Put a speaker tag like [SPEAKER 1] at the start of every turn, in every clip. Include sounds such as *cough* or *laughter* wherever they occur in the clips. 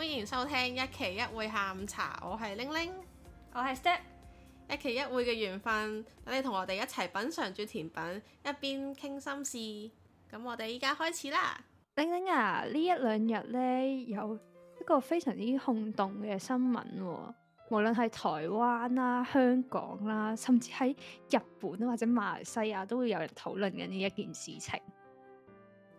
[SPEAKER 1] 歡迎收聽一期一會下午茶，我係玲玲，我係 Step，一期一會嘅緣分，等你同我哋一齊品嘗住甜品，一邊傾心事。咁我哋依家開始啦，
[SPEAKER 2] 玲玲啊，呢一兩日呢，有一個非常之轟動嘅新聞，哦，無論係台灣啦，啊，香港啦，啊，甚至喺日本，啊，或者馬來西亞，啊，都會有人討論緊呢一件事情。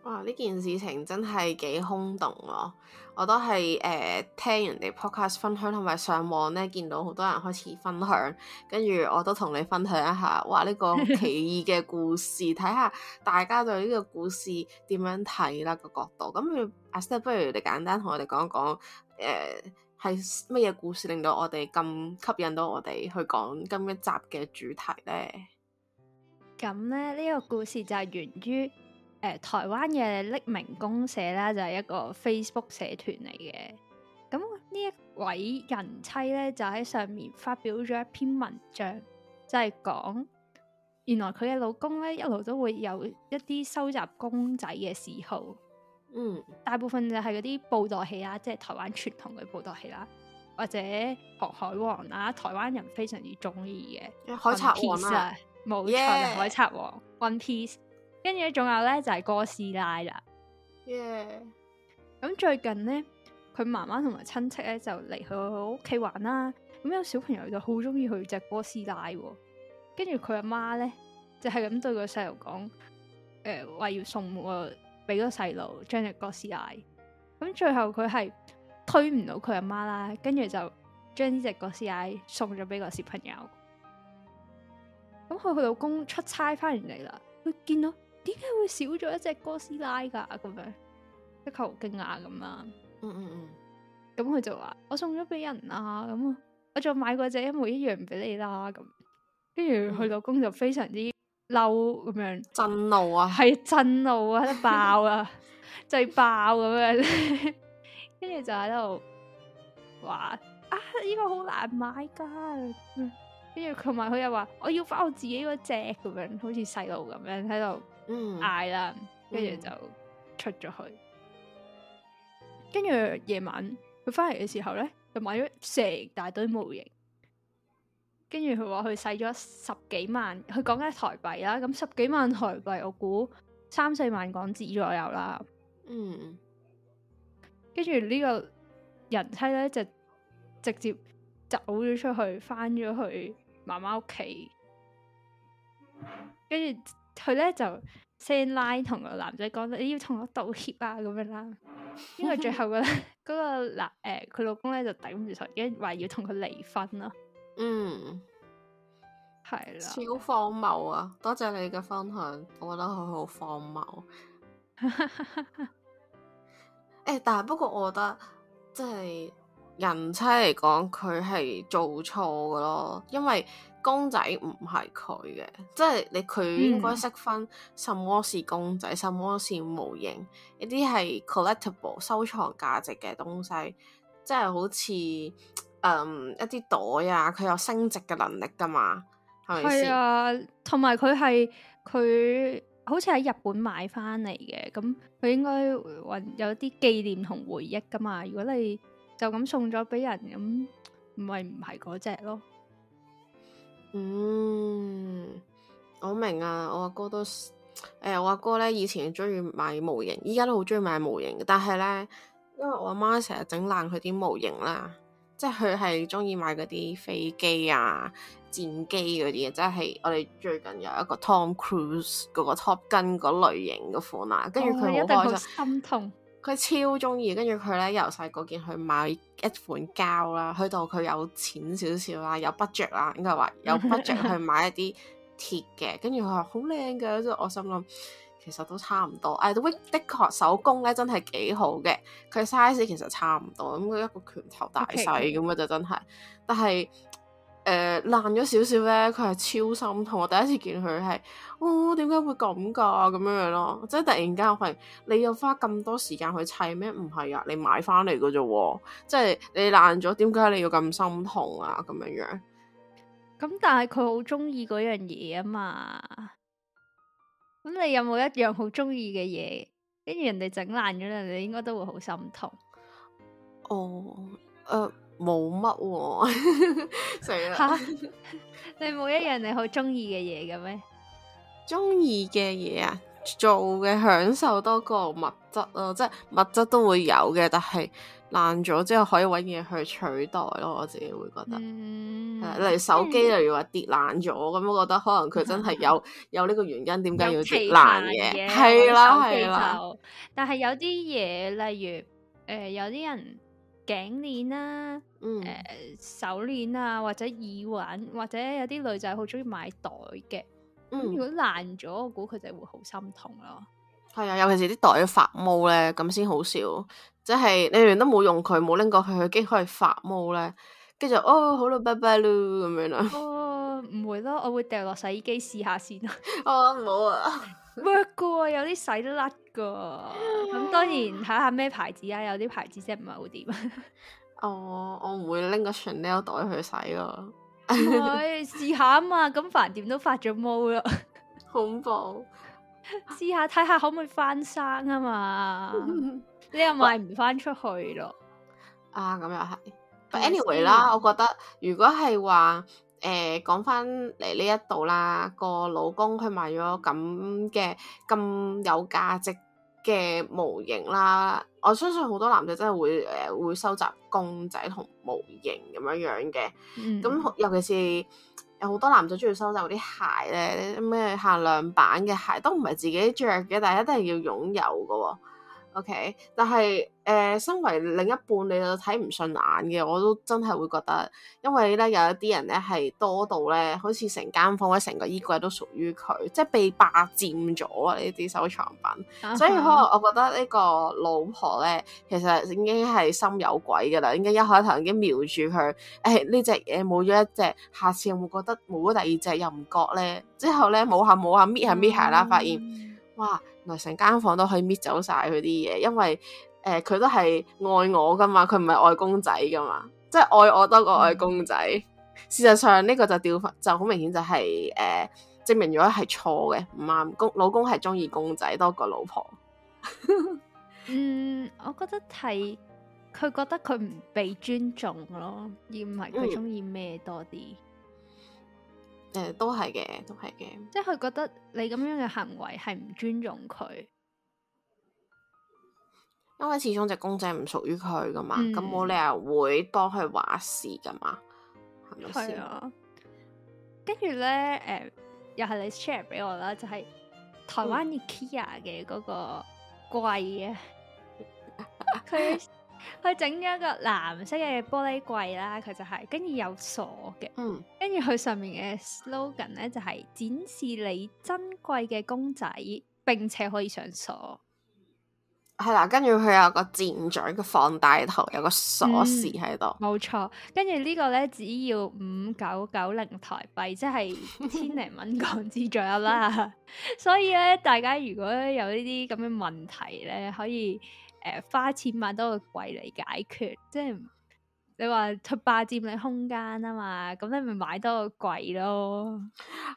[SPEAKER 1] 哇！呢件事情真係幾轟動咯，我都係誒、呃、聽人哋 podcast 分享，同埋上網咧見到好多人開始分享，跟住我都同你分享一下。哇！呢、呢個奇異嘅故事，睇 *laughs* 下大家對呢個故事點樣睇啦、個角度。咁阿 Sir，不如你簡單同我哋講一講，誒係乜嘢故事令到我哋咁吸引到我哋去講今一集嘅主題呢？
[SPEAKER 2] 咁咧呢、呢個故事就係源於。誒、呃，台灣嘅匿名公社咧就係、是、一個 Facebook 社團嚟嘅。咁、嗯、呢一位人妻咧就喺上面發表咗一篇文章，就係、是、講原來佢嘅老公咧一路都會有一啲收集公仔嘅嗜好。嗯，大部分就係嗰啲布袋戲啦，即係台灣傳統嘅布袋戲啦，或者航海王啦、啊，台灣人非常之中意嘅。海賊王啊，冇、啊、錯，Yeah. 海賊王 One Piece。跟住仲有咧，就係哥斯拉啦。咁 Yeah. 最近咧，佢媽媽同埋親戚咧就嚟去佢屋企玩啦。咁有小朋友就好中意佢隻哥斯拉，跟住佢阿媽咧就係咁對個細路講，誒話要送個俾個細路將隻哥斯拉。咁最後佢係推唔到佢阿媽啦，跟住就將呢隻哥斯拉送咗俾個小朋友。咁佢佢老公出差翻嚟啦，佢見到。點解會少咗一隻哥斯拉噶、啊？咁樣，一好驚訝啊咁啦。嗯嗯嗯。咁佢就話：我送咗俾人啊。」咁，我仲買嗰隻一,一模一樣俾你啦、啊。咁，跟住佢老公就非常之嬲咁樣震、啊，震怒啊，係震怒啊，都爆啊，最 *laughs* 爆咁樣。跟 *laughs* 住就喺度話：啊，呢、這個好難買噶。跟住佢埋佢又話：我要翻我自己嗰隻咁樣，好似細路咁樣喺度。嗌啦，跟住就出咗去，跟住夜晚佢翻嚟嘅時候咧，就買咗成大堆模型，跟住佢話佢使咗十幾萬，佢講緊台幣啦，咁十幾萬台幣，我估三四萬港紙左右啦。嗯，跟住呢個人妻咧，就直接走咗出去，翻咗去媽媽屋企，跟住。佢咧就 send line 同個男仔講，你要同我道歉啊咁樣啦。因為最後，那個嗰、 *laughs* 那個男誒，佢、呃、老公咧就頂唔住佢，因為話要同佢離婚咯。嗯，係啦，小荒謬啊！多謝你嘅分享，我覺得佢好荒
[SPEAKER 1] 謬。誒、 *laughs* 欸，但係不過我覺得即係人妻嚟講，佢係做錯噶咯，因為。公仔唔係佢嘅，即係你佢應該識分什麼是公仔，嗯、什麼是模型，一啲係 collectible 收藏價值嘅東西，即係好似誒、嗯、一啲袋啊，佢有升值嘅能力噶嘛，係咪先？係啊，
[SPEAKER 2] 同埋佢係佢好似喺日本買翻嚟嘅，咁佢應該有啲紀念同回憶噶嘛。如果你就咁送咗俾人，咁唔係唔係嗰隻咯。
[SPEAKER 1] 嗯，我明啊，
[SPEAKER 2] 我阿哥都誒、欸，我阿哥
[SPEAKER 1] 咧以前中意買模型，依家都好中意買模型，但係咧，因為我阿媽成日整爛佢啲模型啦，即係佢係中意買嗰啲飛機啊、戰機嗰啲嘅，即係我哋最近有一個 Tom Cruise 嗰個 Top Gun 嗰類型嘅款啊，跟住佢好開心。哦佢超中意，跟住佢咧由細嗰件去買一款膠啦，去到佢有錢少少啦，有 budget 啦，應該話有 budget 去買一啲鐵嘅，跟住佢話好靚㗎，即係我心諗其實都差唔多，哎，的確手工咧真係幾好嘅，佢 size 其實差唔多，咁佢一個拳頭大細咁嘅就真係，但係。誒，爛咗少少咧，佢係超心痛。我第一次見佢係，哦，點解會咁噶？咁樣樣咯，即係突然間，我發現你又花咁多時間去砌咩？唔係啊，你買翻嚟噶啫，即係你爛咗，點解你要咁心痛啊？咁樣、嗯、樣，
[SPEAKER 2] 咁但係佢好中意嗰樣嘢啊嘛。咁你有冇一樣好中意嘅嘢？跟住人哋整爛咗，人哋應該都會好心痛。
[SPEAKER 1] 哦，誒、呃。冇乜喎，
[SPEAKER 2] 死啦、啊 *laughs* 糟了！ *laughs* 你冇一樣你好中意嘅嘢嘅咩？
[SPEAKER 1] 中意嘅嘢啊，做嘅享受多過物質咯、啊，即係物質都會有嘅，但係爛咗之後可以搵嘢去取代咯、啊。我自己會覺得，嗯啊、例如手機例、嗯、如話跌爛咗咁，我覺得可能佢真係有 *laughs* 有呢個原因，點解要跌爛嘅？係啦係啦，啦啦
[SPEAKER 2] 但係有啲嘢例如誒、呃，有啲人。頸鏈啦，誒、嗯呃、手鏈啊，或者耳環，或者有啲女仔好中意買袋嘅。
[SPEAKER 1] 咁、嗯、如果
[SPEAKER 2] 爛咗，我估佢就會好心痛咯。
[SPEAKER 1] 係啊，尤其是啲袋發毛咧，咁先好笑。即係你連都冇用佢，冇拎過去，佢竟可以發毛咧。跟住哦，好啦，拜拜啦，咁樣啦。哦，
[SPEAKER 2] 唔會咯，我會掉落洗衣機試下先咯。哦，唔好啊。work 噶，有啲洗得甩噶。咁當然睇下咩牌子啊，有啲牌子即係唔係好掂。哦
[SPEAKER 1] ，oh, 我唔會拎個 Chanel 袋去洗噶。
[SPEAKER 2] 去 *laughs* 試、哎、下啊嘛，咁飯店都發咗毛啦， *laughs* 恐怖。試下睇下可唔可以翻生啊嘛， *laughs* 你又賣唔翻出去咯。Oh, 啊，咁又係。
[SPEAKER 1] But、anyway 啦， *laughs* 我覺得如果係話。誒講翻嚟呢一度啦，個老公佢買咗咁嘅咁有價值嘅模型啦，我相信好多男仔真係會誒、呃、會收集公仔同模型咁樣樣嘅，咁、嗯嗯、尤其是有好多男仔中意收集啲鞋咧，咩限量版嘅鞋都唔係自己着嘅，但係一定係要擁有㗎喎、哦。OK，但係誒、呃，身為另一半，你就睇唔順眼嘅，我都真係會覺得，因為咧有一啲人咧係多到咧，好似成間房或者成個衣櫃都屬於佢，即係被霸佔咗啊！呢啲收藏品，啊、所以可能我覺得呢個老婆咧，其實已經係心有鬼噶啦，已經一開頭已經瞄住佢，誒呢隻嘢冇咗一隻，下次會覺得冇咗第二隻又唔覺咧，之後咧冇下冇下搣下搣下啦、嗯，發現哇！嚟成間房都可以搣走晒佢啲嘢，因為誒佢、呃、都係愛我噶嘛，佢唔係愛公仔噶嘛，即係愛我多過愛公仔。嗯、事實上呢、這個就掉翻就好明顯就係、是、誒、呃、證明咗係錯嘅，唔啱公老公係中意公仔多過老婆。 *laughs* 嗯，
[SPEAKER 2] 我覺得係佢覺得佢唔被尊重咯，而唔係佢中意咩多啲。嗯誒、嗯，都係嘅，都係嘅。即係佢覺得你咁樣嘅行為係唔尊重佢，
[SPEAKER 1] 因為始終隻公仔唔屬於佢噶嘛，咁冇、嗯、理由會幫佢話事噶嘛，係咪？
[SPEAKER 2] 跟住咧，誒、啊嗯，又係你 share 俾我啦，就係、是、台灣 IKEA 嘅嗰個櫃啊、嗯，佢。 *laughs* *laughs* 佢整咗一個藍色嘅玻璃櫃啦，佢就係跟住有鎖嘅，嗯，跟住佢上面嘅 slogan 咧就係、是，展示你珍貴嘅公仔，並且可以上鎖。
[SPEAKER 1] 係啦、嗯，跟住佢有個箭嘴嘅放大圖，有個鎖匙喺
[SPEAKER 2] 度。冇、嗯、錯，跟住呢個咧只要五九九零台幣，即係千零蚊港紙左右啦。 *laughs* *laughs* 所以咧，大家如果有呢啲咁嘅問題咧，可以。誒、呃，花錢買多個櫃嚟解決，即係你話出霸佔你空間啊嘛，咁你咪買多個櫃咯。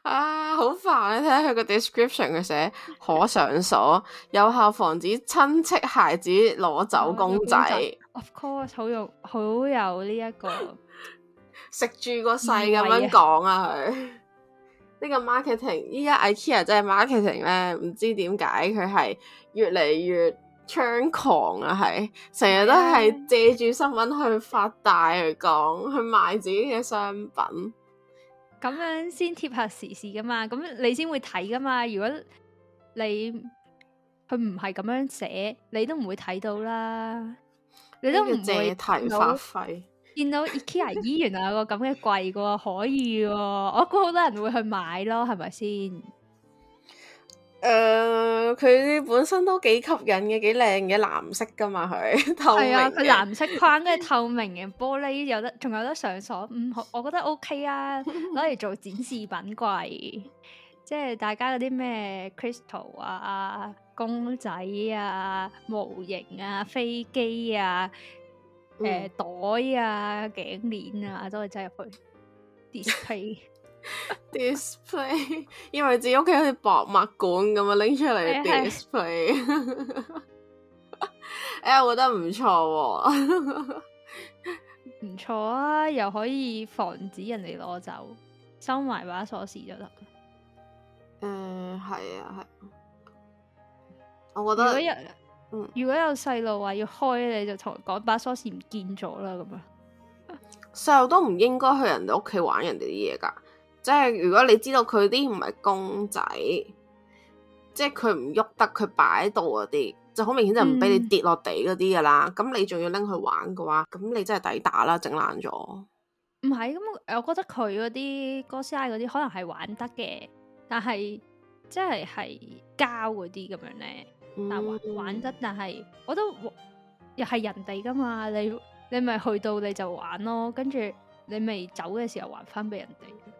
[SPEAKER 2] 啊，
[SPEAKER 1] 好煩你、啊、睇下佢個 description 佢寫 *laughs* 可上鎖，有效防止親戚孩子攞走公仔、， *laughs* 啊、
[SPEAKER 2] 公仔。Of course，好有好有呢、這、一個 *laughs* 食住個世咁樣講啊！佢、啊、
[SPEAKER 1] 呢個 marketing，依家 IKEA 真係 marketing 咧，唔知點解佢係越嚟越猖狂啊，係成日都係借住新
[SPEAKER 2] 聞去發大去講，去賣自己嘅商品，咁樣先貼合時事噶嘛，咁你先會睇噶嘛。如果你佢唔係咁樣寫，你都唔會睇到啦。你都唔會睇到。借題發揮，見到 IKEA 咦， *laughs* 原來有個咁嘅櫃噶，可以喎，我估好多人會去買咯，係咪先？誒、佢、
[SPEAKER 1] 呃、本身都幾吸引嘅，幾靚嘅，藍色噶嘛佢。係啊,佢藍
[SPEAKER 2] 色框跟住 *laughs* 透明嘅玻璃，有得仲有得上鎖，唔、嗯，我覺得 OK 啊，攞嚟 *laughs* 做展示品櫃，即係大家嗰啲咩 crystal 啊、啊、公仔啊、模型啊、飛機啊、誒、呃、袋啊、頸鏈啊，都可以整入去 display *laughs*
[SPEAKER 1] *laughs* display，因為自己屋企好似博物館咁啊，拎出嚟
[SPEAKER 2] display。 *laughs* *laughs* 哎，我覺得
[SPEAKER 1] 唔錯，啊，唔
[SPEAKER 2] *laughs* 錯啊，又可以防止人哋攞走，收埋把鎖匙就得。誒、嗯，係啊，係、啊。我覺得如果有，嗯，如果有細路話要開，你就同講把鎖匙唔見咗啦，咁樣。
[SPEAKER 1] 細 *laughs* 路都唔應該去人哋屋企玩人哋啲嘢噶。即係如果你知道佢啲唔係公仔，即係佢唔喐得，佢擺喺度嗰啲，就好明顯就唔俾你跌落地嗰啲噶啦。咁、嗯、你仲要拎去玩嘅話，咁你真係抵打啦，整爛咗。
[SPEAKER 2] 唔係咁，我覺得佢嗰啲哥斯拉嗰啲可能係玩得嘅，但係即係係膠嗰啲咁樣咧。嗯、但玩玩得，但係我都又係人哋噶嘛，你你咪去到你就玩咯，跟住你咪走嘅時候還翻俾人哋。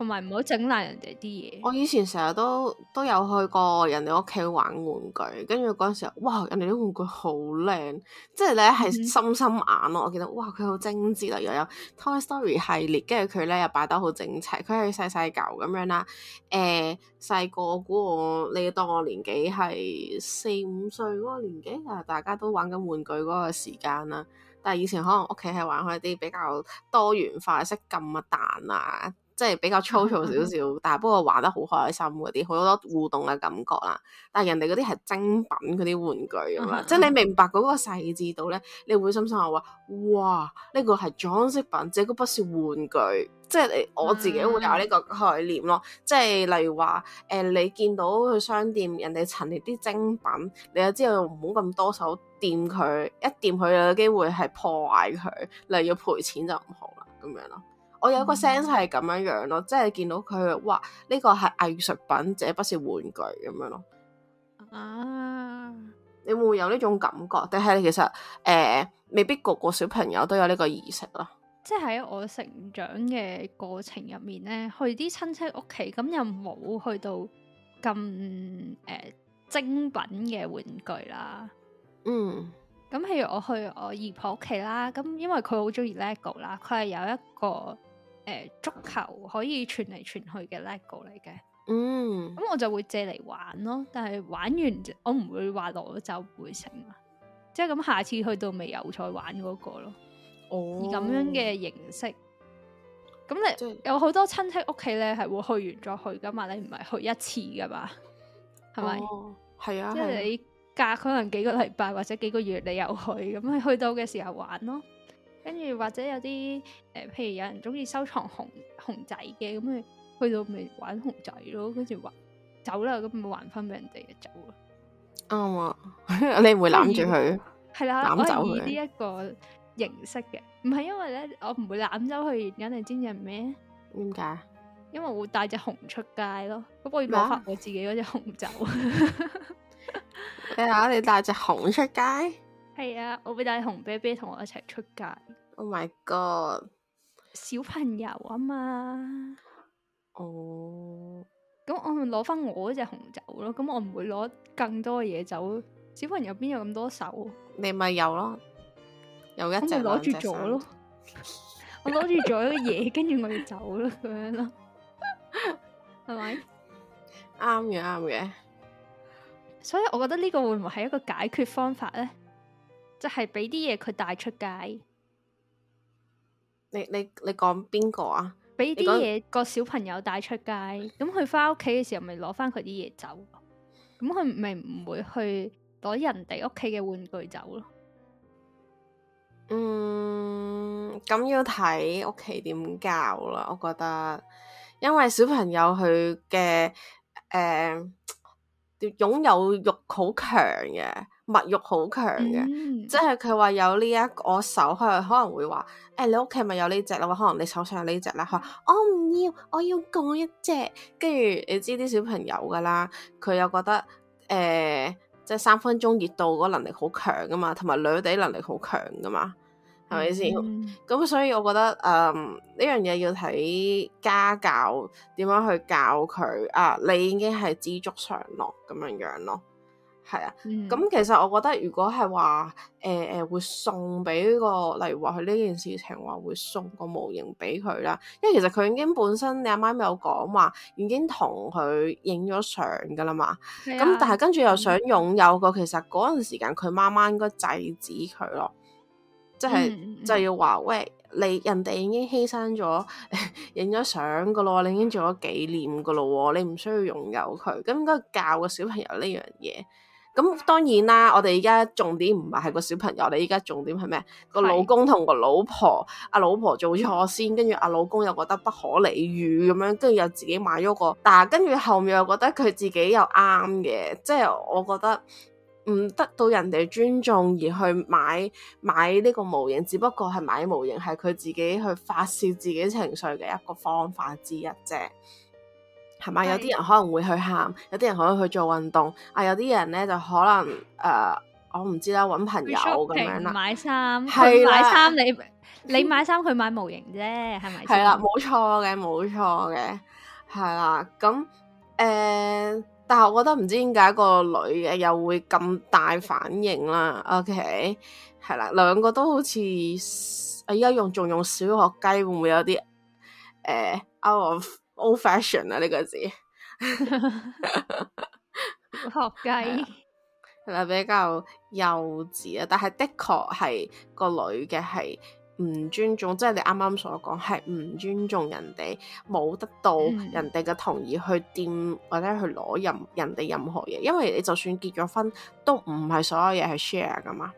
[SPEAKER 2] 同埋唔好整爛人哋啲嘢。
[SPEAKER 1] 我以前成日都都有去過人哋屋企玩玩具，跟住嗰陣時候，哇！人哋啲玩具好靚，即係咧係深深眼咯。嗯、我記得，哇！佢好精致啦，又有 Toy Story 系列，跟住佢咧又擺得好整齊，佢係細細嚿咁樣啦。誒、呃，細個估我，你當我年紀係四五歲嗰個年紀啊，大家都玩緊玩具嗰個時間啦。但係以前可能屋企係玩開啲比較多元化，識撳啊彈啊。即係比較粗糙少少，mm hmm. 但係不過玩得好開心嗰啲，好多互動嘅感覺啦。但係人哋嗰啲係精品嗰啲玩具咁樣，mm hmm. 即係你明白嗰個細緻度咧，你會心心我話：哇，呢、這個係裝飾品，這個不是玩具。即係你我自己會有呢個概念咯。Mm hmm. 即係例如話，誒、呃、你見到佢商店人哋陳列啲精品，你又知道唔好咁多手掂佢，一掂佢有機會係破壞佢，例如要賠錢就唔好啦，咁樣咯。我有一個 sense 係咁樣樣咯，嗯、即係見到佢，哇！呢個係藝術品，這不是玩具咁樣咯。
[SPEAKER 2] 啊，
[SPEAKER 1] 你會唔會有呢種感覺？但係其實誒、呃、未必個個小朋友都有呢個意識咯。
[SPEAKER 2] 即係喺我成長嘅過程入面咧，去啲親戚屋企咁又冇去到咁誒、呃、精品嘅玩具啦。嗯，咁譬如我去我姨婆屋企啦，咁因為佢好中意 LEGO 啦，佢係有一個。誒，足球可以傳嚟傳去嘅 Lego 嚟嘅，嗯，咁我就會借嚟玩咯。但係玩完，我唔會話落咗就唔會剩，即係咁下次去到未有再玩嗰個咯。哦，
[SPEAKER 1] 以咁樣嘅
[SPEAKER 2] 形式，咁、哦、你即有好多親戚屋企咧係會去完再去噶嘛？你唔係去一次噶嘛？係咪、哦？係吧、哦、啊，即係你隔可能幾個禮拜或者幾個月你又去，咁你去到嘅時候玩咯。跟住或者有啲誒，呃，譬如有人中意收藏熊熊仔嘅，咁咪去到咪玩熊仔咯。跟住玩走啦，咁咪還翻俾人哋走。
[SPEAKER 1] 啱、oh, wow. *laughs* *laughs* 啊，你唔會攬住佢？
[SPEAKER 2] 係啦，我以呢一個形式嘅，唔係因為咧，我唔會攬走佢，肯定知人咩？點解？因為我會帶隻熊出街咯，我可以保護我自己嗰隻熊走。
[SPEAKER 1] *laughs* *laughs* 你睇下，你帶隻熊出街？
[SPEAKER 2] 係啊，我會帶紅啤啤同我一齊出街。Oh my god！小朋友啊嘛，哦，咁我咪攞翻我嗰隻紅酒咯。咁我唔會攞更多嘢走。小朋友邊有咁多手？你咪有咯，有一隻攞住咗咯。我攞住咗個嘢，跟住我哋走咯，咁樣咯，係咪？啱嘅，啱嘅。所以我覺得呢個會唔會係一個解決方法咧？即係畀啲嘢佢帶出街。你你你講邊個啊？畀啲嘢個小朋友帶出街，咁佢翻屋企嘅時候，咪攞翻佢啲嘢走。咁佢咪唔會去攞人哋屋企嘅玩具走咯。
[SPEAKER 1] 嗯，咁要睇屋企點教啦。我覺得，因為小朋友佢嘅誒擁有慾好強嘅。物欲好強嘅，mm hmm. 即係佢話有呢一嗰手，佢可能會話，誒、欸，你屋企咪有呢隻啦？可能你手上有隻呢隻啦。」佢話：我唔要，我要講一隻。跟住你知啲小朋友㗎啦，佢又覺得誒、呃，即係三分鐘熱度嗰個能力好強㗎嘛，同埋女仔能力好強㗎嘛，係咪先？咁、hmm. mm hmm. 所以我覺得，誒、呃、呢樣嘢要睇家教點樣去教佢。啊，你已經係知足常樂咁樣樣咯。係啊，咁其實我覺得，如果係話誒誒會送俾呢、這個，例如話佢呢件事情話會送個模型俾佢啦，因為其實佢已經本身你啱啱有講話，已經同佢影咗相噶啦嘛。咁、啊、但係跟住又想擁有個，嗯、其實嗰陣時間佢媽媽應該制止佢咯，
[SPEAKER 2] 即係就，是、嗯嗯就要
[SPEAKER 1] 話喂，你人哋已經犧牲咗影咗相噶咯，你已經做咗紀念噶咯，你唔需要擁有佢，咁應該教個小朋友呢樣嘢。咁當然啦，我哋而家重點唔係係個小朋友，你而家重點係咩？個是老公同個老婆，阿老婆做錯先，跟住阿老公又覺得不可理喻咁樣，跟住又自己買咗個，但係跟住後面又覺得佢自己又啱嘅，即係我覺得唔得到人哋尊重而去買買呢個模型，只不過係買模型係佢自己去發洩自己情緒嘅一個方法之一啫。係咪？有啲人可能會去喊，有啲人可以去做運動，啊！有啲人咧就可能誒、呃，我唔知啦，搵朋友咁樣啦，買衫，係啦買衫，
[SPEAKER 2] 你你買衫，佢買模型啫，係咪？係啦，
[SPEAKER 1] 冇錯嘅，冇錯嘅，係、嗯、啦。咁誒、呃，但係我覺得唔知點解個女嘅又會咁大反應啦。OK，係啦，兩個都好似，啊，而家用仲用小學雞，會唔會有啲誒、呃、out of？old fashion 啊！呢個字學雞，係 *laughs* 啊 *laughs* 惡， *laughs* 比較幼稚啊。但係的確係個女嘅係唔尊重，即係你啱啱所講係唔尊重人哋，冇得到人哋嘅同意去掂或者去攞任人哋任何嘢。因為你就算結咗婚，都唔係所有嘢係 share 噶嘛，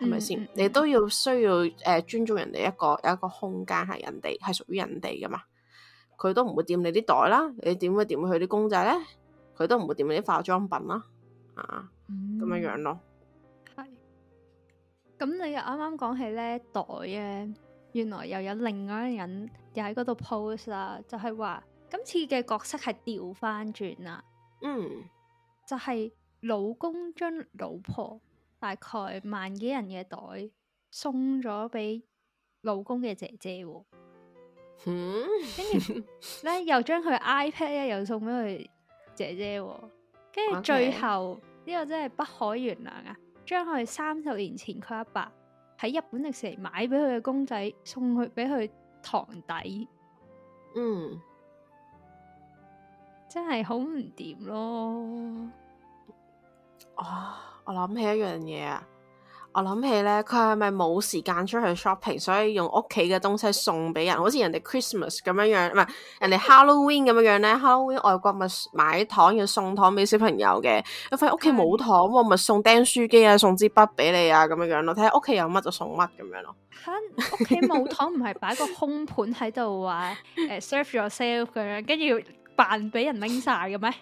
[SPEAKER 1] 係咪先？是是嗯、你都要需要誒尊重人哋一個有一個空間係人哋係屬於人哋噶嘛。佢都唔會掂你啲袋啦，你點會掂佢啲公仔咧？佢都唔會掂你啲化妝品啦，啊咁樣、嗯、樣咯。係，
[SPEAKER 2] 咁你又啱啱講起咧袋啊，原來又有另外一個人又喺嗰度 post 啦，就係、是、話今次嘅角色係調翻轉啦。嗯，就係老公將老婆大概萬幾人嘅袋送咗俾老公嘅姐姐喎、啊。跟住咧，又將佢 iPad 咧，又送俾佢姐姐、哦。跟住最後呢 Okay. 個真係不可原諒啊！將佢三十年前佢阿爸喺日本迪士尼買俾佢嘅公仔，送去俾佢堂弟。嗯，真係好唔掂咯！
[SPEAKER 1] 啊，我諗起一樣嘢啊！我諗起咧，佢係咪冇時間出去 shopping，所以用屋企嘅東西送俾人，好似人哋 Christmas 咁樣樣，唔係人哋 Halloween 咁樣樣咧。Halloween 外國咪買糖要送糖俾小朋友嘅，佢發屋企冇糖，咁咪、嗯、送釘書機啊，送支筆俾你啊，咁樣樣咯，睇下屋企有乜就送乜咁樣咯。
[SPEAKER 2] 屋企冇糖唔係擺個空盤喺度話，誒，serve yourself 咁樣，跟住扮俾人拎晒嘅咩？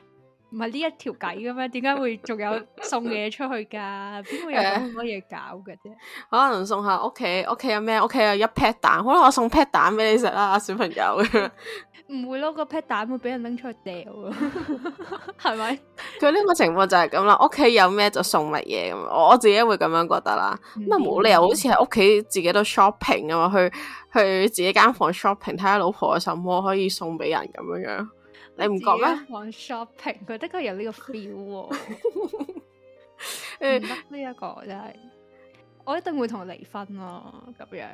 [SPEAKER 2] 唔係呢一條計嘅咩？點解會仲有送嘢出去噶？邊 *laughs* 會有咁多嘢搞嘅啫？
[SPEAKER 1] 可能送下屋企，屋企有咩？屋企有一 pat 蛋，可能我送 pat 蛋俾你食啦，小朋友。
[SPEAKER 2] 唔 *laughs* 會咯，個 pat 蛋會俾人拎出去掉啊？係咪？
[SPEAKER 1] 佢呢個情況就係咁啦。屋企有咩就送乜嘢咁。我我自己會咁樣覺得啦。咁啊冇理由好似喺屋企自己都 shopping 啊嘛？去去自己間房 shopping，睇下老婆有什麼可以送俾人咁樣樣。你唔覺咩？
[SPEAKER 2] 逛 shopping，佢的確有呢個 feel。誒，呢一個真係，我一定會同佢離婚咯，哦，咁樣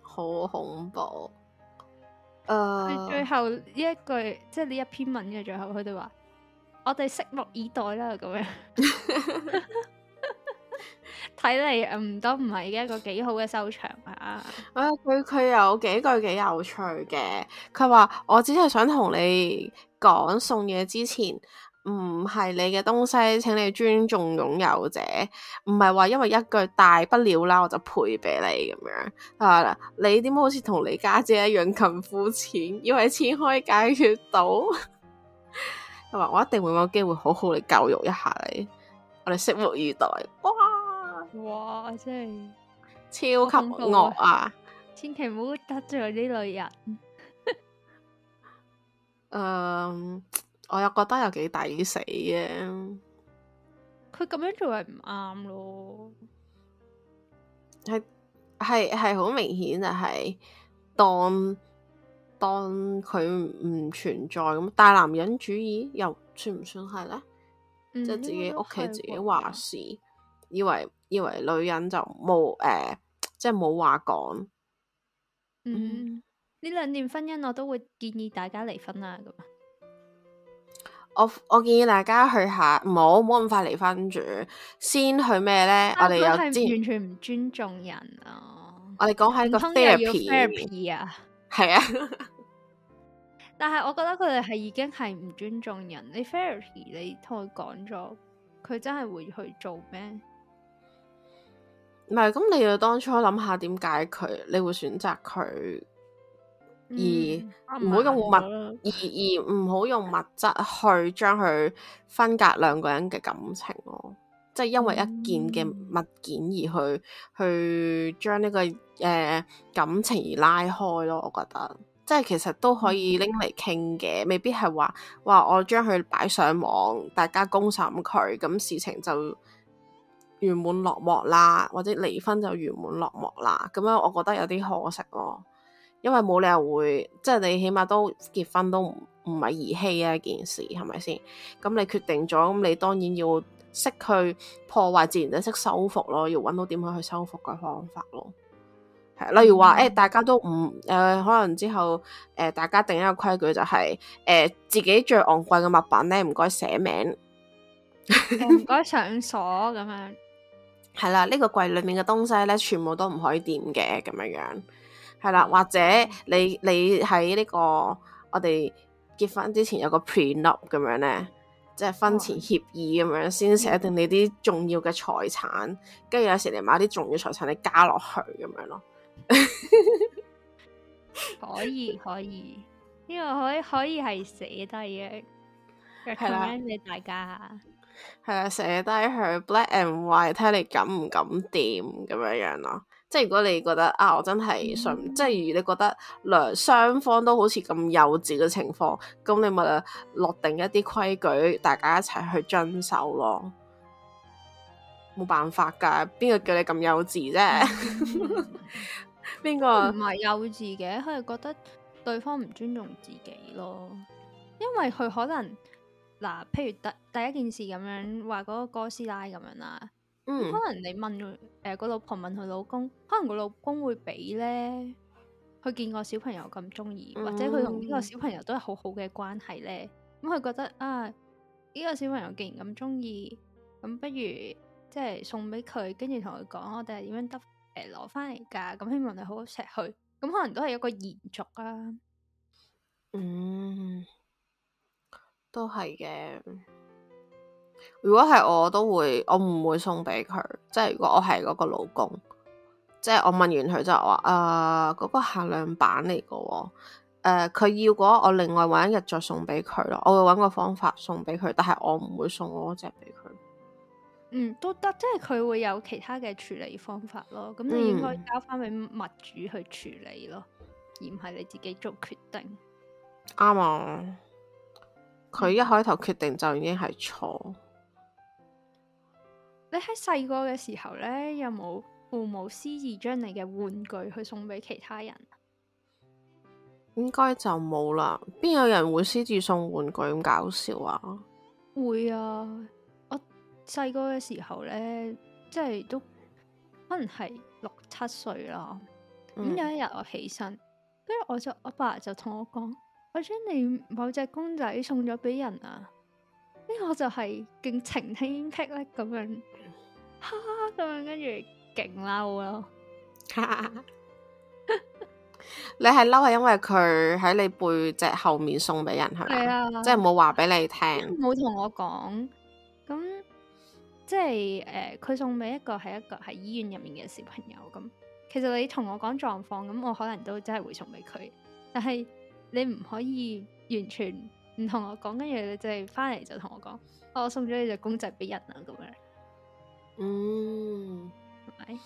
[SPEAKER 2] 好恐怖。誒、uh，最後呢一句，即係呢一篇文嘅最後，佢哋話：我哋拭目以待啦，咁樣。 *laughs* *laughs* 睇嚟，唔多唔係一個幾好嘅收場
[SPEAKER 1] 啊！啊，佢佢有幾句幾有趣嘅，佢話，我只係想同你講，送嘢之前，唔係你嘅東西，請你尊重擁有者，唔係話因為一句大不了啦，我就賠俾你咁樣。佢話啦，你點解好似同你家姐一樣咁膚淺，以為錢可以解決到？佢 *laughs* 話我一定會有機會好好地教育一下你，我哋拭目以待。
[SPEAKER 2] 哇！真係超級惡啊！千祈唔好得罪呢類人。嗯
[SPEAKER 1] *laughs* ，um, 我又覺得又幾抵死嘅。
[SPEAKER 2] 佢咁樣做係唔啱咯。係
[SPEAKER 1] 係係好明顯就係當當佢唔存在咁，大男人主義又算唔算係咧？
[SPEAKER 2] 即係、嗯、哼自己屋企自己話
[SPEAKER 1] 事。自己自己以為以為女人就冇誒、呃，即係冇話講。嗯，
[SPEAKER 2] 呢兩年婚姻，我都會建議大家離婚啦。咁，
[SPEAKER 1] 我我建議大家去下，唔好唔好咁快離婚住，先去咩咧？啊、我哋有完
[SPEAKER 2] 全唔尊重人啊！
[SPEAKER 1] 我哋講下個 therapy ther 啊，係是啊
[SPEAKER 2] *laughs* 但係我覺得佢哋係已經係唔尊重人。你 therapy 你同佢講咗，佢真係會去做咩？
[SPEAKER 1] 唔係，咁你要當初諗下點解佢你會選擇佢，嗯、而唔好用物，嗯、物而而唔好用物質去將佢分隔兩個人嘅感情咯。即係因為一件嘅物件而去、嗯、去將呢、這個誒、呃、感情而拉開咯。我覺得即係其實都可以拎嚟傾嘅，未必係話話我將佢擺上網，大家公審佢，咁事情就。圓滿落幕啦，或者離婚就圓滿落幕啦。咁樣我覺得有啲可惜咯，因為冇理由會，即係你起碼都結婚都唔唔係兒戲嘅一件事，係咪先？咁你決定咗，咁你當然要識去破壞自然，就識修復咯，要搵到點樣去修復嘅方法咯。係，例如話，誒、嗯欸，大家都唔誒、呃，可能之後誒、呃，大家定一個規矩就係、是，誒、呃，自己最昂貴嘅物品咧，唔該寫名，
[SPEAKER 2] 唔該、嗯、上鎖咁樣。 *laughs*
[SPEAKER 1] 係啦，呢個櫃裏面嘅東西咧，全部都唔可以掂嘅咁樣樣。係啦，或者你你喺呢個我哋結婚之前有個 prenup 咁樣咧，即係婚前協議咁樣，先寫定你啲重要嘅財產，跟住有時你買啲重要財產你加落去咁樣咯 *laughs* 。
[SPEAKER 2] 可以、這個、可以，呢個可可以係寫低嘅 recommend 俾大家。
[SPEAKER 1] 係啊，寫低佢 black and white，睇下你敢唔敢掂，咁樣樣咯。即係如果你覺得啊，我真係信，嗯、即係你覺得兩雙方都好似咁幼稚嘅情況，咁你咪落定一啲規矩，大家一齊去遵守咯。冇辦法噶，邊個叫你咁幼稚啫？
[SPEAKER 2] 邊個唔係幼稚嘅，佢係覺得對方唔尊重自己咯，因為佢可能。嗱，譬如第第一件事咁樣，話嗰個哥斯拉咁樣啦，啊，嗯、可能你問誒個、呃、老婆問佢老公，可能個老公會俾咧，佢見過小朋友咁中意，或者佢同呢個小朋友都係好好嘅關係咧，咁佢覺得啊，呢、呢個小朋友既然咁中意，咁不如即係送俾佢，跟住同佢講我哋係點樣得誒攞翻嚟噶，咁希望你好好錫佢，咁可能都係一個延續啊，嗯。都係
[SPEAKER 1] 嘅。如果係我，我都會，我唔會送俾佢。即係如果我係嗰個老公，即係我問完佢就話，啊、呃、嗰、嗰個限量版嚟嘅，誒、呃、佢要嘅我另外揾一日再送俾佢咯。我會揾個方法送俾佢，但係我唔會送嗰隻俾佢。
[SPEAKER 2] 嗯，都得，即係佢會有其他嘅處理方法咯。咁你應該交翻俾物主去處理咯，嗯、而唔係你自己做決定。
[SPEAKER 1] 啱啊。佢一開頭決定就已經係錯。
[SPEAKER 2] 你喺細個嘅時候呢，有冇父母私自將你嘅玩具去送俾其他人？
[SPEAKER 1] 應該就冇啦。邊有人會私自送玩具咁搞笑啊？
[SPEAKER 2] 會啊！我細個嘅時候呢，即係都可能係六七歲啦。咁、嗯嗯、有一日我起身，跟住我就我爸就同我講，我將你某隻公仔送咗俾人啊！呢、哎、我就係勁情輕劈咧咁樣，哈咁樣跟住勁嬲咯。 *laughs* *laughs* 你係嬲係因為佢
[SPEAKER 1] 喺你背脊後面送俾人係咪？係啊，即係冇話俾你聽，
[SPEAKER 2] 冇同我講。咁即係誒，佢送俾一個係一個喺醫院入面嘅小朋友咁。其實你同我講狀況咁，我可能都真係會送俾佢，但係。你唔可以完全唔同我講，跟住你就係翻嚟就同我講，哦，我送咗你隻公仔俾人啊咁樣。嗯，係咪？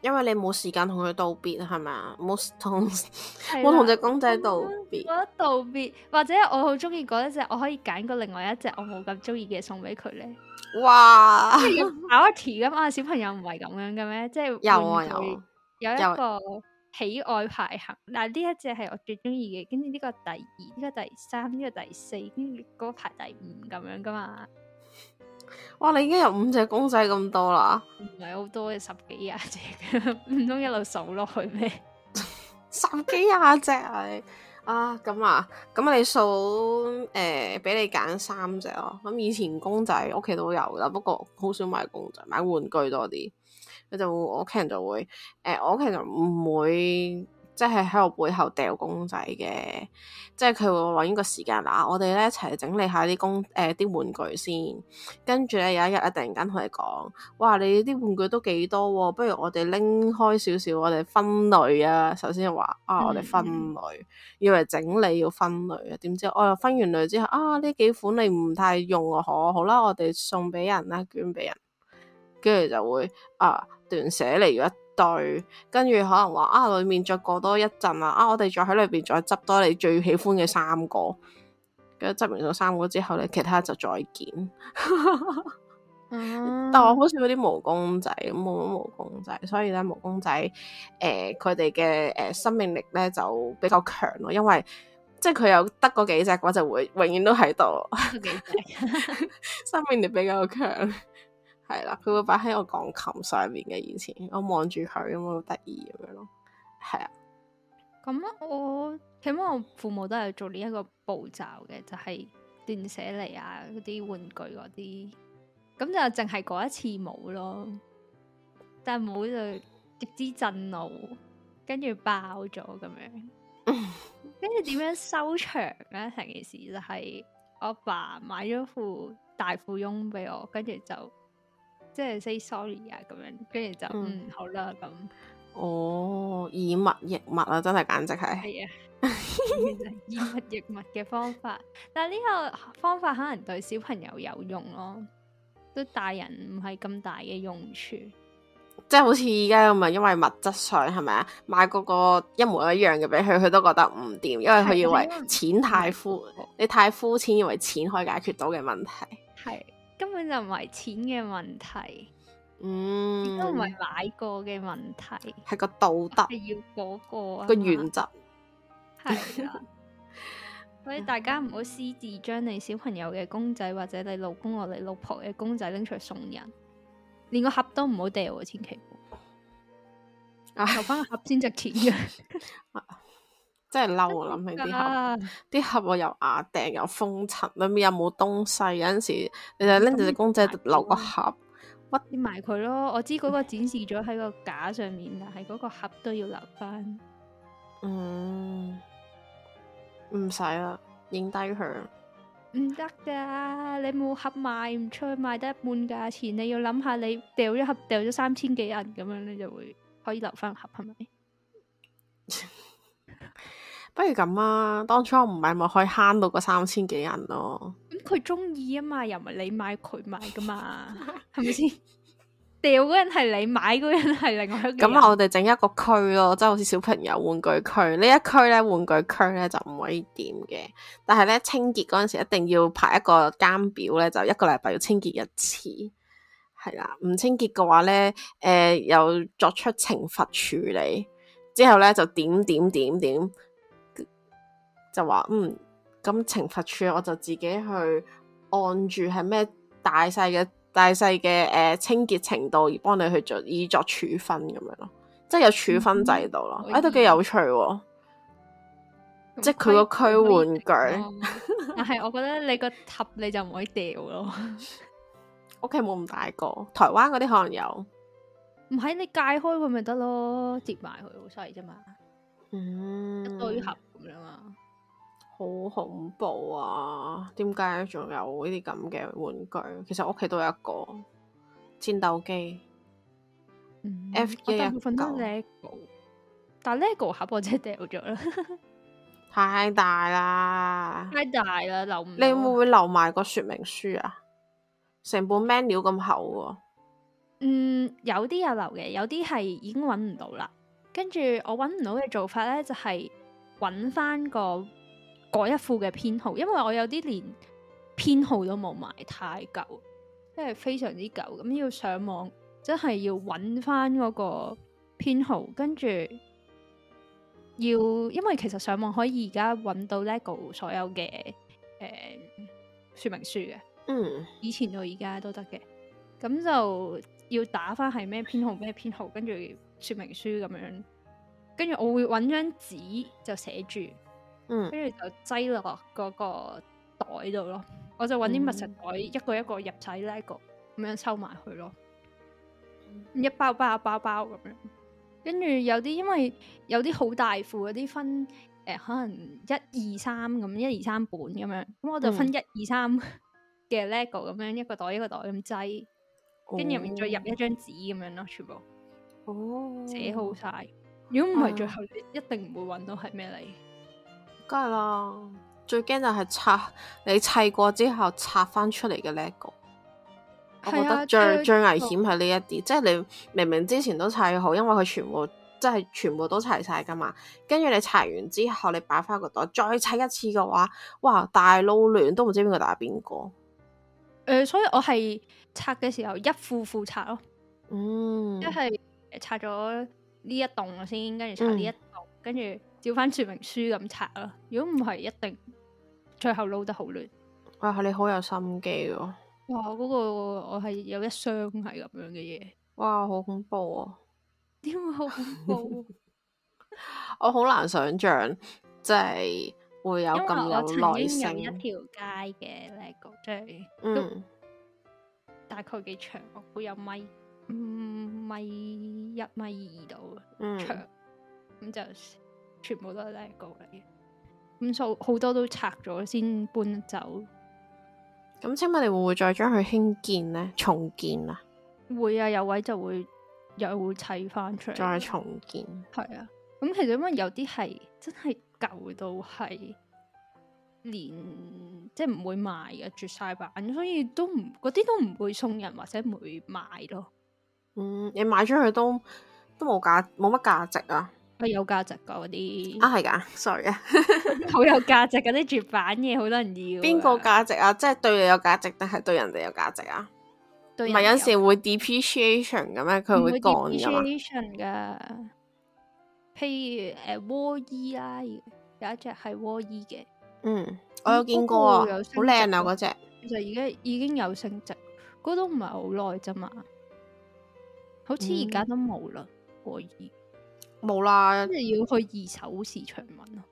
[SPEAKER 1] 因為你冇時間同佢道別，係咪啊？冇同
[SPEAKER 2] 冇同隻公仔道別，我覺得道別，或者我好中意嗰一隻，我可以揀個另外一隻我冇咁中意嘅送俾佢咧。哇 Party 咁啊，小朋友唔係咁樣嘅咩？即係有啊，有，啊有，有一個。喜愛排行嗱呢、啊、一隻係我最中意嘅，跟住呢個第二，呢、呢個第三，呢、呢個第四，跟住嗰排第五咁樣噶嘛。
[SPEAKER 1] 哇！你已經有五隻公仔咁多啦，
[SPEAKER 2] 唔係好多，嘅，十幾廿隻，唔 *laughs* 通一路數落去咩？
[SPEAKER 1] *laughs* 十幾廿隻啊！啊咁 *laughs* 啊，咁、啊、你數誒，俾、呃、你揀三隻咯。咁以前公仔屋企都有啦，不過好少買公仔，買玩具多啲。佢就會，我屋企人就會，誒、呃、我屋企人唔會即係喺我背後掉公仔嘅，即係佢會揾個時間啦、啊，我哋咧一齊整理下啲公誒啲玩具先，跟住咧有一日咧突然間同你講，哇，你啲玩具都幾多、哦，不如我哋拎開少少，我哋分類啊。首先就話啊，我哋分類，以為整理要分類啊，點知我又分完類之後啊，呢幾款你唔太用啊，可好啦，我哋送俾人啦，捐俾人，跟住就會啊。段寫嚟咗一對，跟住可能話啊，裏面再過多一陣啦，啊，我哋再喺裏邊再執多你最喜歡嘅三個，跟住執完咗三個之後咧，其他就再見。
[SPEAKER 2] *laughs*
[SPEAKER 1] 嗯、但我好似嗰啲毛公仔咁，冇毛公仔，毛毛毛仔所以咧毛公仔，誒、呃，佢哋嘅誒生命力咧就比較強咯，因為即係佢有得嗰幾隻嘅話，就會永遠都喺度， *laughs* *laughs* 生命力比較強。係啦，佢會擺喺我鋼琴上面嘅。以前我望住佢，咁我好得意咁樣咯。係啊，
[SPEAKER 2] 咁我起碼我父母都係做呢一個步驟嘅，就係斷捨離啊，嗰啲玩具嗰啲，咁就淨係嗰一次冇咯。但冇就極之震怒，跟住爆咗咁樣。跟住點樣收場咧？啊？成件事就係我爸爸買咗副大富翁俾我，跟住就。即係 say sorry 啊，咁、嗯嗯、樣，跟住就嗯好啦，咁
[SPEAKER 1] 哦以物易物啊，真係簡直係係
[SPEAKER 2] 啊，以物易物嘅 *laughs* 方法，但係呢個方法可能對小朋友有用咯，都大人唔係咁大嘅用處。
[SPEAKER 1] 即係好似而家咁啊，因為物質上係咪啊，買嗰個一模一樣嘅俾佢，佢都覺得唔掂，因為佢以為錢太膚，的你太膚淺，以為錢可以解決到嘅問題
[SPEAKER 2] 係。根本就唔係錢嘅問題，嗯，都唔係買過嘅問題，係
[SPEAKER 1] 個道德，
[SPEAKER 2] 係要嗰、嗰個個原則，係啦， *laughs* 所以大家唔好私自將你小朋友嘅公仔或者你老公、或你老婆嘅公仔拎出嚟送人，連個盒都唔好掉，千祈， *laughs* 留翻個盒先值錢嘅。 *laughs*
[SPEAKER 1] 真係嬲，我諗起啲盒，啲盒我又牙訂又封塵，裏面有冇東西？有陣時你就拎住隻公仔留個盒，
[SPEAKER 2] 屈埋佢咯。我知嗰個展示咗喺個架上面， *laughs* 但係嗰個盒都要留翻。嗯，唔使啦，影低佢。唔得噶，你冇盒賣唔出去，賣得一半價錢。你要諗下，你掉咗盒，掉咗三千幾銀咁樣，你就會可以留翻盒，係咪？
[SPEAKER 1] 不如咁啊！當初我唔係咪可以慳到個三千幾人咯？咁
[SPEAKER 2] 佢中意啊嘛，又唔係你買佢買噶嘛，係咪先？掉嗰人係你買，嗰人係另外一個咁啊！我哋整
[SPEAKER 1] 一個區咯，即係好似小朋友玩具區呢一區咧，玩具區咧就唔可以點嘅。但係咧清潔嗰陣時，一定要排一個監表咧，就一個禮拜要清潔一次係啦。唔清潔嘅話咧，誒，呃，又作出懲罰處理之後咧就點點點點點點。就話嗯咁懲罰處，我就自己去按住係咩大細嘅大細嘅誒清潔程度而幫你去做以作處分咁樣咯，即係有處分制度咯，嗯、哎都幾有趣，即係佢個區玩
[SPEAKER 2] 具，但係我覺得你個盒你就唔可以掉咯，屋企冇咁大個，台灣嗰啲可能有，唔係你界開佢咪得咯，摺埋佢好細啫嘛，嗯，一堆盒咁樣啊。
[SPEAKER 1] 好恐怖啊！點解仲有呢啲咁嘅玩具？其實我屋企都有一個戰鬥機，嗯
[SPEAKER 2] ，F 我大部分都係 LEGO，
[SPEAKER 1] 但 LEGO 盒我真係掉咗啦， *laughs* 太大啦，
[SPEAKER 2] 太大啦，留唔到。你會唔會
[SPEAKER 1] 留埋個說明書啊？成本 menu 咁厚嘅、
[SPEAKER 2] 啊，嗯，有啲有留嘅，有啲係已經揾唔到啦。跟住我揾唔到嘅做法咧，就係揾翻個。嗰一副嘅編號，因為我有啲連編號都冇埋，太舊，即係非常之舊。咁要上網，即係要揾翻嗰個編號，跟住要，因為其實上網可以而家揾到 LEGO 所有嘅誒、呃、說明書嘅。嗯，以前到而家都得嘅。咁就要打翻係咩編號，咩編號，跟住說明書咁樣。跟住我會揾張紙就寫住。嗯，跟住就擠落嗰個袋度咯。我就揾啲密實袋，一個一個入晒 Lego，咁樣收埋佢咯。一包包啊，一包包咁樣。跟住有啲因為有啲好大副嗰啲分，誒、呃，可能一二三咁，一二三本咁樣。咁我就分一二三嘅 Lego 咁樣，一個袋一個袋咁擠，跟住入面再入一張紙咁樣咯，全部哦全部寫好晒。如果唔係，最後、啊、一定唔會揾到係咩嚟。
[SPEAKER 1] 梗係啦，最驚就係拆你砌過之後拆翻出嚟嘅呢一個，我覺得最、這個、最危險係呢一啲，即係你明明之前都砌好，因為佢全部即係全部都砌晒噶嘛，跟住你拆完之後你，你擺翻個袋再砌一次嘅話，哇，大佬亂都唔知邊個打邊個。
[SPEAKER 2] 誒、呃，所以我係拆嘅時候一副副拆咯，嗯，一係拆咗呢一棟先，跟住拆呢一棟，跟住、嗯。照翻說明書咁拆咯。如果唔係，一定最後撈得好亂。
[SPEAKER 1] 哇、啊！你好有心機
[SPEAKER 2] 喎、啊。哇！嗰、那個我係有一箱係咁樣嘅嘢。哇！好恐怖啊！點會好恐怖、啊？
[SPEAKER 1] *laughs* *laughs* 我好難想象，即係會有咁有耐性。因為我曾經有一
[SPEAKER 2] 條街嘅 lego 即係嗯，大概幾長？我估有米，米一米二度，嗯，長咁就。全部都係呢個嚟嘅，咁所好多都拆咗先搬走。咁請
[SPEAKER 1] 問你會唔會再將佢興建咧？重建啊？
[SPEAKER 2] 會啊，有位就會又會砌翻出嚟，再
[SPEAKER 1] 重建。
[SPEAKER 2] 係啊，咁、嗯、其實因為有啲係真係舊到係連即係唔會賣嘅絕晒版，所以都唔嗰啲都唔會送人或者唔會賣咯。
[SPEAKER 1] 嗯，你買咗佢都都冇價冇乜價值啊！佢有價值嗰啲啊係噶，sorry
[SPEAKER 2] 啊，好 *laughs* 有價值嗰啲絕版嘢，好多人要。邊
[SPEAKER 1] 個價值啊？即係對你有價值，定係對人哋有價值啊？
[SPEAKER 2] 唔係有，有時
[SPEAKER 1] 會 depreciation 嘅咩？佢會降噶
[SPEAKER 2] 嘛？譬如誒，Wall-E 啦，有一隻係 Wall-E 嘅。嗯，我有見過好靚、嗯那個、啊，嗰、那、隻、個、其實已經已經有升值，嗰、那個、都唔係好耐啫嘛，好似而家都冇啦，Wall-E 冇啦，即係要去二手市場揾咯，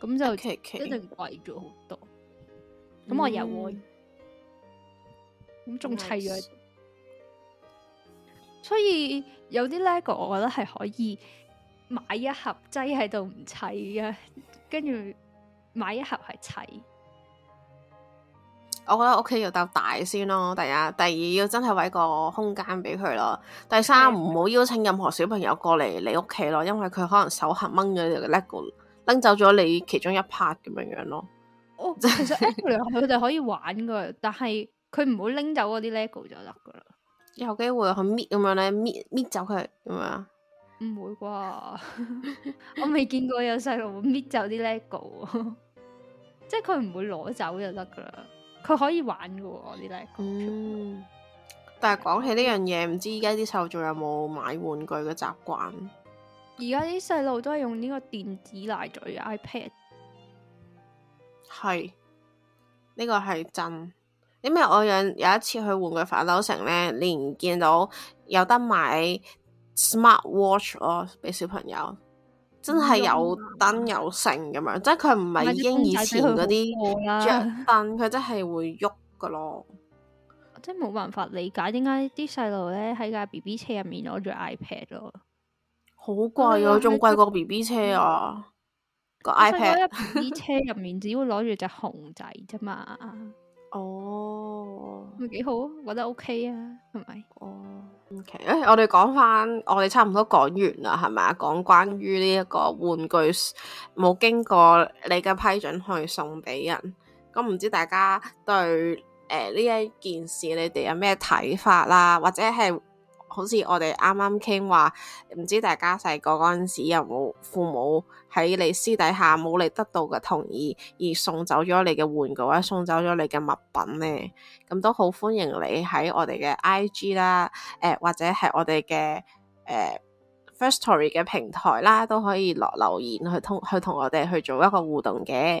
[SPEAKER 2] 咁、嗯、就一定貴咗好多。咁、嗯、我又會，咁仲砌咗，嗯、所以有啲 lego，我覺得係可以買一盒擠喺度唔砌嘅，跟住買一盒係砌。
[SPEAKER 1] 我覺得屋企要斗大先咯，第一、第二要真係搵個空間俾佢咯，第三唔好的邀請任何小朋友過嚟你屋企咯，因為佢可能手下掹咗你個 lego，拎走咗你其中一 part 咁樣樣咯。
[SPEAKER 2] 我、哦就是、其實 lego 佢就可以玩噶但係佢唔會拎走嗰啲 lego 就得噶
[SPEAKER 1] 啦有機會去搣咁樣咧，搣搣走佢咁樣？唔
[SPEAKER 2] 會啩？我未見過有細路會搣走啲 lego，即係佢唔會攞走就得噶啦佢可以玩嘅喎，啲奶。嗯，嗯
[SPEAKER 1] 但係講起呢樣嘢，唔知而家啲細路仲有冇買玩具嘅習慣？
[SPEAKER 2] 而家啲細路都係用呢個電子奶嘴，iPad 係呢個係真。
[SPEAKER 1] 因為我有,有一次去玩具反斗城咧，連見到有得買 Smart Watch 咯、哦，俾小朋友。真係有燈有
[SPEAKER 2] 聲咁樣，即係佢唔係已經以前嗰啲着燈，佢真係會喐噶咯。即係冇辦法理解點解啲細路咧喺架 B B 車入面攞住 iPad 咯，好貴啊，仲貴 *laughs* 過 B B 車啊。個 *laughs* iPad B B 車入面只要攞住隻熊仔啫嘛。 *laughs* *laughs* 哦，咪幾、oh. 好，我覺得 OK 啊，係咪？哦，OK，誒、欸，我哋講
[SPEAKER 1] 翻，我哋差唔多講完啦，係咪啊？講關於呢一個玩具冇經過你嘅批准去送俾人，咁、嗯、唔知大家對誒呢、呃、一件事，你哋有咩睇法啦？或者係？好似我哋啱啱傾話，唔知大家細個嗰陣時有冇父母喺你私底下冇你得到嘅同意而送走咗你嘅玩具，送走咗你嘅物品咧？咁都好歡迎你喺我哋嘅 IG 啦，誒、呃、或者係我哋嘅誒 Firstory 嘅平台啦，都可以落留言去通去同我哋去做一個互動嘅。